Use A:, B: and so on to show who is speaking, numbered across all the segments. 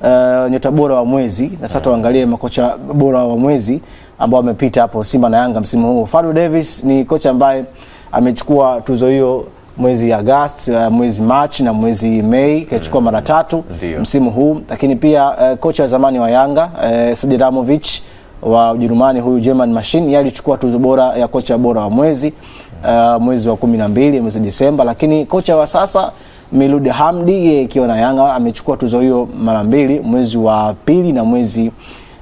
A: uh, nyota bora wa mwezi na sasa tuangalie makocha bora wa mwezi ambao wamepita hapo Simba na Yanga msimu huu. Fadlu Davis ni kocha ambaye amechukua tuzo hiyo mwezi Agosti, uh, eh, mwezi Machi na mwezi Mei kachukua mara mm. tatu msimu huu, lakini pia uh, kocha wa zamani wa Yanga uh, Sadi wa Ujerumani, huyu German Machine, yeye alichukua tuzo bora ya kocha bora wa mwezi uh, mwezi wa kumi na mbili mwezi Desemba, lakini kocha wa sasa Miludi Hamdi yeye akiwa na Yanga amechukua tuzo hiyo mara mbili, mwezi wa pili na mwezi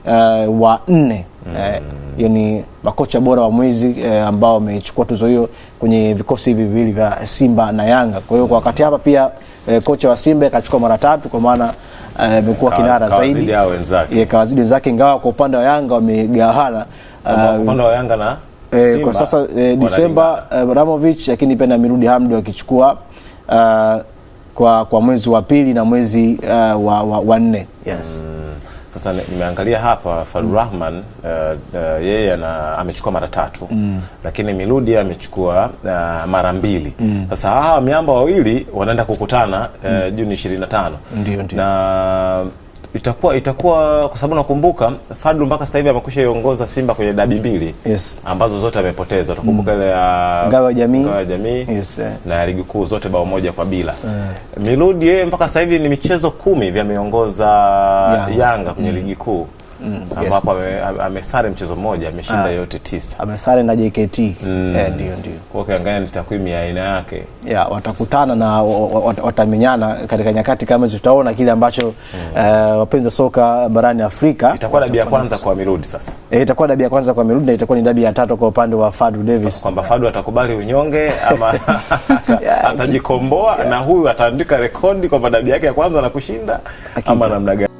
A: uh, wa nne mm. Eh, hiyo mm. uh, ni makocha bora wa mwezi eh, ambao wamechukua tuzo hiyo kwenye vikosi hivi viwili vya Simba na Yanga. Kwa hiyo kwa wakati hapa pia eh, kocha wa Simba akachukua mara tatu kwa maana eh, amekuwa eh, kinara zaidi kawazidi wenzake, ingawa kwa upande wa Yanga wamegawahana
B: uh,
A: eh, kwa sasa eh, Desemba eh, Ramovic lakini pia na Mirudi Hamdi wakichukua uh, kwa, kwa mwezi wa pili na mwezi uh, wa, wa, wa nne yes. Mm.
B: Sasa nimeangalia hapa Fadlu mm. Rahman uh, uh, yeye amechukua mara tatu mm, lakini miludi amechukua uh, mara mbili mm. sasa hawa miamba wawili wanaenda kukutana uh, mm, Juni 25 ndio, ndio. na itakuwa itakuwa kwa sababu nakumbuka Fadlu mpaka sasa hivi amekwisha iongoza Simba kwenye dabi mbili yes. ambazo zote amepoteza. Utakumbuka mm. ile mm. ya
A: Ngao ya Jamii, Ngao
B: ya Jamii yes, eh. na ligi kuu zote bao moja kwa bila mm. Mirudi yeye mpaka sasa hivi ni michezo kumi vya ameongoza Yanga kwenye mm. ligi kuu mm, ambapo yes. Amesare mchezo mmoja ameshinda ah. yote tisa,
A: amesare na JKT mm. Eh,
B: ndio ndio kwa kiangalia ni takwimu ya aina yake
A: yeah, watakutana na watamenyana katika nyakati kama tutaona kile ambacho mm. uh, wapenzi wa soka barani Afrika
B: itakuwa dabi ya kwanza kwa Mirudi sasa
A: eh, itakuwa dabi ya kwanza kwa Mirudi na itakuwa ni dabi ya tatu kwa upande wa Fadu Davis,
B: kwamba Fadu atakubali unyonge ama atajikomboa yeah. na huyu ataandika rekodi kwa dabi yake ya kwanza na kushinda
A: Akika. ama namna gani?